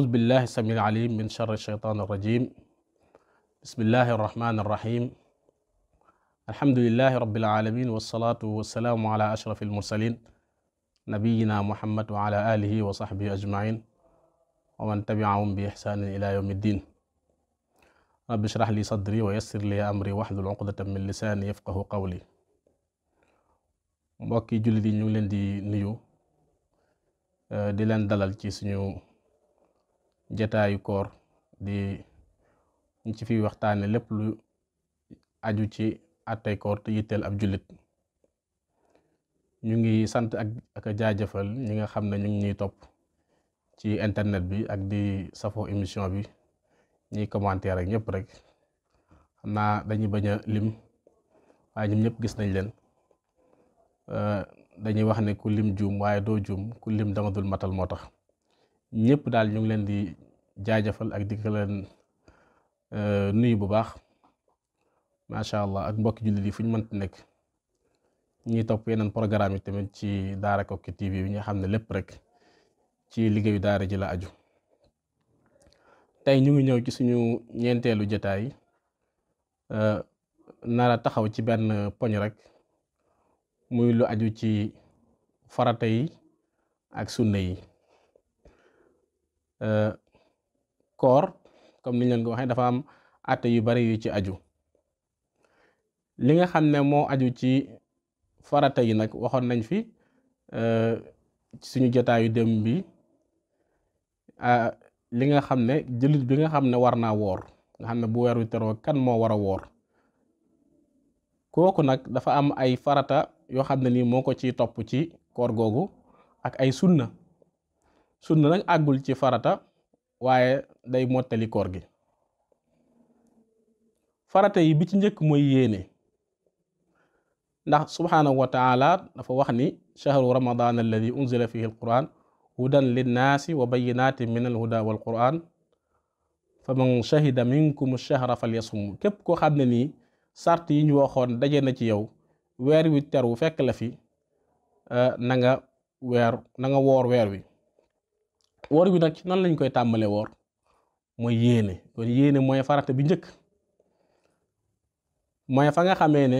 أعوذ بالله السميع العليم من شر الشيطان الرجيم بسم الله الرحمن الرحيم الحمد لله رب العالمين والصلاة والسلام على أشرف المرسلين نبينا محمد وعلى آله وصحبه أجمعين ومن تبعهم بإحسان إلى يوم الدين رب اشرح لي صدري ويسر لي أمري واحلل عقدة من لساني يفقه قولي mbokki jullit yi ñu ngi leen di nuyu di leen dalal ci suñu jataayu koor di ñu ci fi waxtaane lépp lu aju ci attay koor te yitteel ab jullit ñu ngi sant ak ak jaajëfal ñi nga xam ne ñu ngi ñuy topp ci internet bi ak di safoo émission bi ñuy commentaire ak ñëpp rek xam naa dañuy bañ a lim waaye ñun ñëpp gis nañ leen euh, dañuy wax ne ku lim juum waaye doo juum ku lim danga dul matal moo tax ñëpp daal ñu ngi leen di jaajëfal ak di leen euh, nuyu bu baax macha allah ak mbokki jullit yi fu ñu mënti nekk ñuy topp yeneen programme yi tamit ci Daara Koki bi nga xam ne lépp rek ci liggéeyu daara ji la aju tey ñu ngi ñëw ci suñu ñeenteelu jotaay euh, nara taxaw ci benn poñ rek muy lu aju ci farata yi ak sunna yi. Euh, koor comme niñ leen ko waxee dafa am atte yu bari yu ci aju li nga xam ne moo aju ci farata yi nag waxoon nañ fi euh, suñu jotaayu dem bi euh, li nga xam ne jullit bi nga xam ne war naa woor nga xam ne bu weer wi teroo kan moo war a woor kooku nag dafa am ay farata yoo xam ne nii moo ko ci topp ci koor googu ak ay sunna sunna nag àggul ci farata waaye day mottali koor gi farata yi bi ci njëkk mooy yéene ndax subhaanahu wa dafa wax ni shahru ramadan alladi unzila fihi alquran hudan linnaasi wa bayinatin min alhuda wal quran fa man shahida minkum shahra falyasum képp koo xam ne nii sart yi ñu waxoon daje na ci yow weer wi teru fekk la fi eh, na nga weer nanga woor weer wi woor bi nag nan lañ koy tàmbalee woor mooy yéene kon yéene mooy farata bi njëkk mooy fa nga xamee ne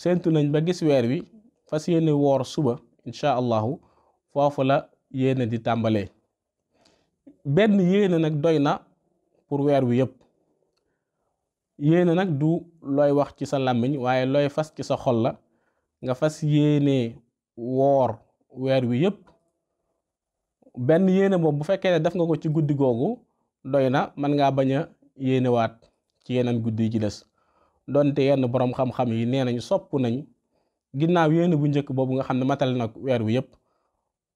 séentu nañ ba gis weer wi fas yéene woor suba incha allahu foofu la yéene di tàmbalee benn yéene nag doy na pour weer wi yëpp yéene nag du looy wax ci sa làmmiñ waaye looy fas ci sa xol la nga fas yéene woor weer wi yëpp benn yéene boobu bu fekkee ne def nga ko ci guddi googu doy na mën ngaa bañ a yéenewaat ci yeneen guddi yi ci des donte yenn boroom xam-xam yi nee nañ sopp nañ ginnaaw yéene bu njëkk boobu nga xam ne matal na weer wi yépp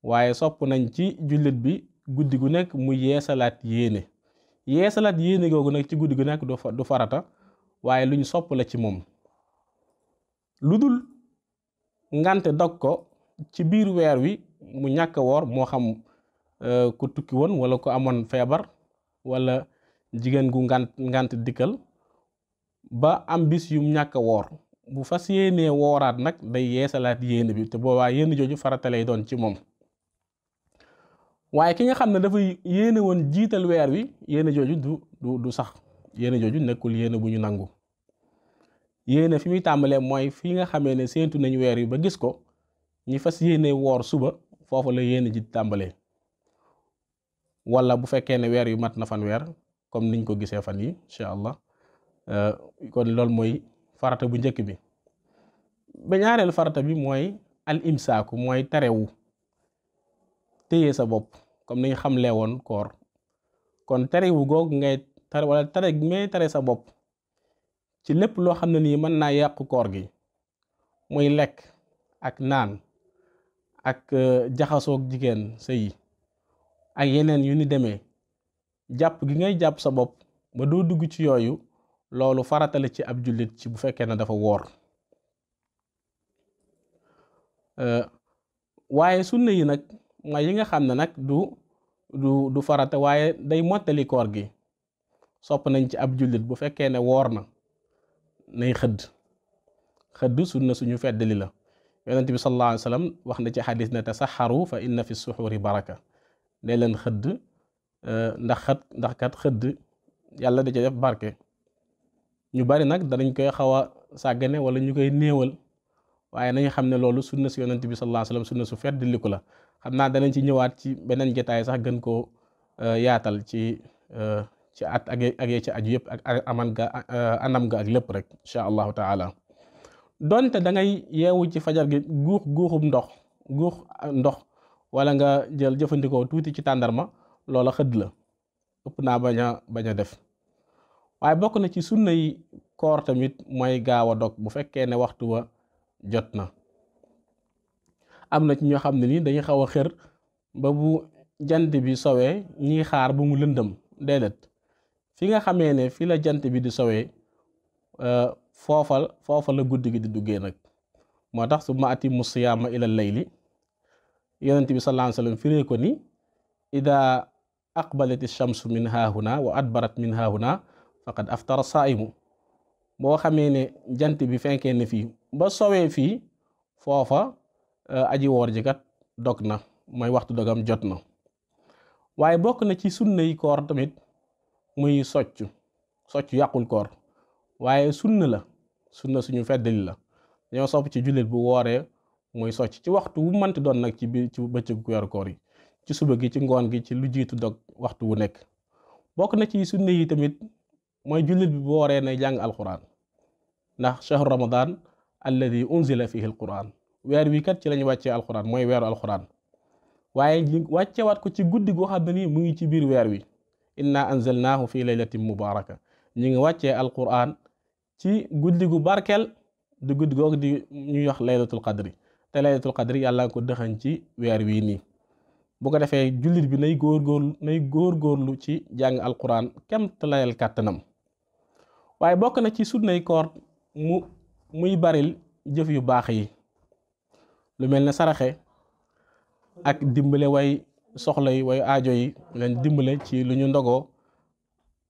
waaye sopp nañ ci jullit bi guddi gu nekk mu yeesalaat yéene yeesalaat yéene googu nag ci guddi gu nekk du farata waaye luñ sopp la ci moom lu dul ngante dog ko ci biir weer wi mu ñàkk woor moo xam Euh, ku tukki woon wala ko amoon feebar walla jigéen gu ngant ngant dikkal ba am bis yu ñàkk a woor bu fas yéenee wooraat nag day yeesalaat yéene bi te boobaa yéene jooju farata doon ci moom waaye ki nga xam ne dafa yéene woon jiital weer wi yéene jooju du du sax yéene jooju nekkul yéene bu ñu nangu yéene fi muy tàmbalee mooy fi nga xamee ne seentu nañ weer wi ba gis ko ñi fas yéene woor suba foofu la yéene ji tàmbalee wala bu fekkee ne weer yu mat na fan weer comme niñ ko gisee fan yi incha allah euh, kon loolu mooy farata bu njëkk bi ba ñaareelu bi mooy al imsaaku mooy terewu téye sa bopp comme ni nga xamlee woon koor kon terewu googu ngay tare wala tare ngay tare sa bopp ci lépp loo xam ne nii mën naa yàqu koor gi muy lekk ak naan ak euh, jaxasoog jigéen sa yi ak yeneen yu ni demee jàpp gi ngay jàpp sa bopp ba doo dugg ci yooyu loolu farata ci ab jullit ci bu fekkee ne dafa woor waaye sunna yi nag mooy yi nga xam ne nag du du du farata waaye day mottali koor gi sopp nañ ci ab jullit bu fekkee ne woor na nay xëdd xëdd sunna suñu feddali la yonent bi sallallahu alayhi wa wax na ci xadis ne tasaxaru fa inna fi suxuri baraka day leen xëdd euh, ndax xat ndax kat xëdd yàlla da ca def barke ñu bari nag danañ koy xaw a sàggane wala ñu koy néewal waaye nañu xam ne loolu sunna si yonent bi sallallahu alayhi wasallam sunna su la xam naa danañ ci ñëwaat ci beneen jotaay sax gën koo euh, yaatal ci euh, ci at ak ak ci aju yëpp ak aman ga anam ga ak lépp rek incha allahu taala donte da ngay yeewu ci fajar gi guux guuxum ndox guux ndox wala nga jël jëfandikoo tuuti ci tàndarma loola xëdd la ëpp naa bañ a bañ a def waaye bokk na ci sunna yi koor tamit mooy gaaw a dog bu fekkee ne waxtu wa jot na am na ci ñoo xam ne nii dañuy xaw a xër ba bu jant bi sowee ñuy xaar bu mu lëndëm déedéet fi nga xamee ne fi la jant bi di sowee euh, foofal foofa la guddi gi di duggee nag moo tax su ma ati mu siyaama ilal layli yonent bi sallallahu alayhi wa sallam firee ko ni ida aqbalat shamsu min haahuna wa adbarat min haahuna faqad aftara saaimu boo xamee ne jant bi fenkee ne fii ba soowee fii foofa eh, aji woor ji dog na mooy waxtu dogam jot na waaye bokk na ci sunna koor tamit muy soccu soccu yàqul koor waaye sunna la sunna suñu feddali la dañoo sopp ci jullit bu wooree mooy socc ci waxtu wu mënti doon nag ci biir ci bëccëgu weeru koor yi ci suba gi ci ngoon gi ci lu jiitu dog waxtu wu nekk bokk na ci sunne yi tamit mooy jullit bi boo waree na jàng alxuraan ndax shahru ramadan alladi unzila fihi alquran weer wi kat ci lañuy wàccee alquran mooy weeru alxuraan waaye wàccewaat ko ci guddi goo xam ni mu ngi ci biir weer wi inna anzalnaahu fi laylatin mubaraka ñu ngi wàccee alquran ci guddi gu barkeel di guddi googu di ñuy wax laylatul qadri te laylatul qadr yàlla ko dëxañ ci weer wii nii bu ko defee jullit bi nay góorgóorlu nay góorgóorlu ci jàng alquran kem te layal kàttanam waaye bokk na ci sunnay koor mu muy baril jëf yu baax yi lu mel ne saraxe ak dimbale way soxla yi way aajo yi leen dimbale ci lu ñu ndogoo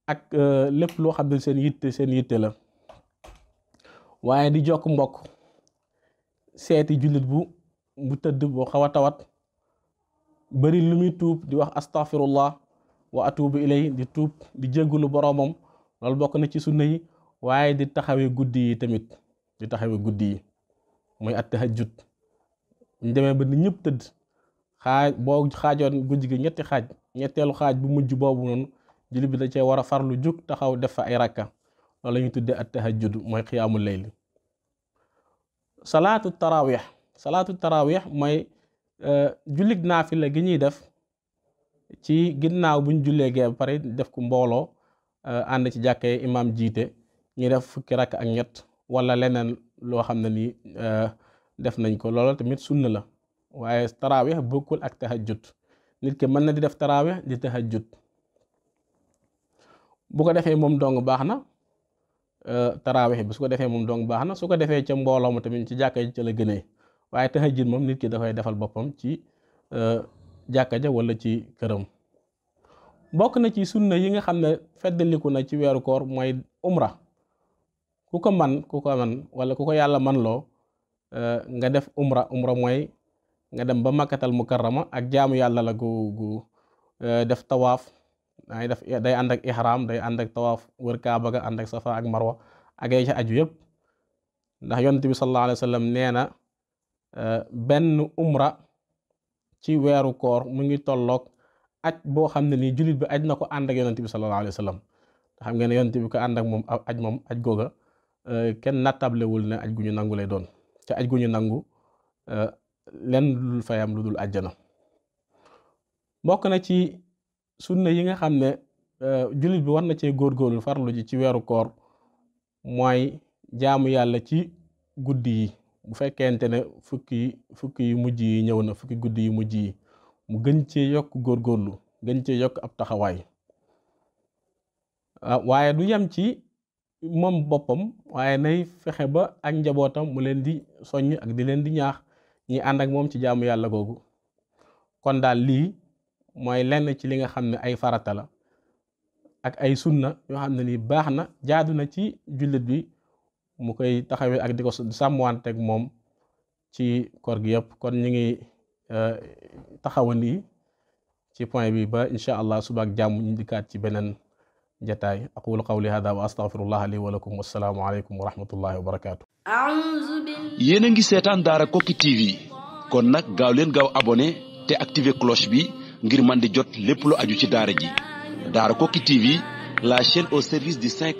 ak euh, lépp loo xam ne seen yitte seen yitte la waaye di jokk mbokk seeti jullit bu bu tëdd boo xaw a tawat bari lu muy tuub di wax astaghfirullah wa atubu ilay di tuub di jéggulu boroomam loolu bokk na ci sunna yi waaye di taxawee guddi yi tamit di taxawee guddi yi mooy at tahajjud ñu demee ba ni ñëpp tëdd xaaj boo xaajoon guddi gi ñetti xaaj ñetteelu xaaj bu mujj boobu noonu jullit bi da cee war a lu jug taxaw def fa ay rakka loolu la ñuy a at tahajjud mooy xiyaamul layl salaatu tarawih salaatu tarawih mooy euh, jullig naafila gi ñuy def ci ginnaaw buñ jullee gee ba pare def ko mbooloo euh, ànd ci jàkkee imaam jiite ñu def fukki rakk ak ñett walla leneen loo xam ne nii euh, def nañ ko loolu tamit sunna la waaye tarawih bokkul ak tahajjud nit ki mën na di def tarawih di tahajjud bu ko defee moom dong baax na Euh, tarawih bi su ko defee moom dong baax na su ko defee ca mbooloo ma tamit ci jàkka ji ca la gënee waaye tahajjud moom nit ki dafay defal boppam ci euh, jàkka ja wala ci këram bokk na ci sunna yi nga xam ne feddaliku na ci weeru koor mooy umra ku ko man ku ko man wala ku ko yàlla man loo euh, nga def umra umra mooy nga dem ba makkatal mukarrama ak jaamu yàlla la gu gu def tawaaf daa ngi def day ànd ak ihram day ànd ak tawaaf wër kaaba ga ànd ak safa ak marwa ak ay ca aju yëpp ndax yonent bi sallallahu alayhi nee na eh, benn umra ci weeru koor mu ngi tolloog aj boo xam ne nii jullit bi aj na ko ànd ak yonent bi xam ngeen ne yonent bi ko ànd ak moom aj moom aj googa eh, kenn nattablewul ne aj gu ñu nangu lay doon te aj gu ñu nangu eh, lenn lu dul fayam lu dul àjjana bokk na ci sunna yi nga xam ne euh, jullit bi war na cee góorgóorlu farlu ji ci weeru koor mooy jaamu yàlla ci guddi yi bu fekkente ne fukki fukki yu mujj yi ñëw na fukki guddi yu mujj yi mu gën cee yokk góor góorlu gën cee yokk ab taxawaay ah, waaye du yem ci moom boppam waaye nay fexe ba ak njabootam mu leen di soññ ak di leen di ñaax ñi ànd ak moom ci jaamu yàlla kooku kon daal lii mooy lenn ci li nga xam ne ay farata la ak ay sunna yoo xam ne ni baax na jaadu na ci jullit bi mu koy taxawee ak di ko sàmmwanteeg moom ci kor gi yëpp kon ñu ngi euh, taxawandi ci point bi ba incha allah suba ak jàmm ñu dikkaat ci beneen jataay aqulu qawli hada wa astaghfirullaha li wa lakum wassalaamu aleykum wa rahmatullahi wa barakaatu yéen a ngi seetaan daara Koki TV kon nag gaaw leen gaaw abonné te activer cloche bi ngir man di jot lépp lu aju ci daara ji Daarakoki TV la chaîne au service du cinq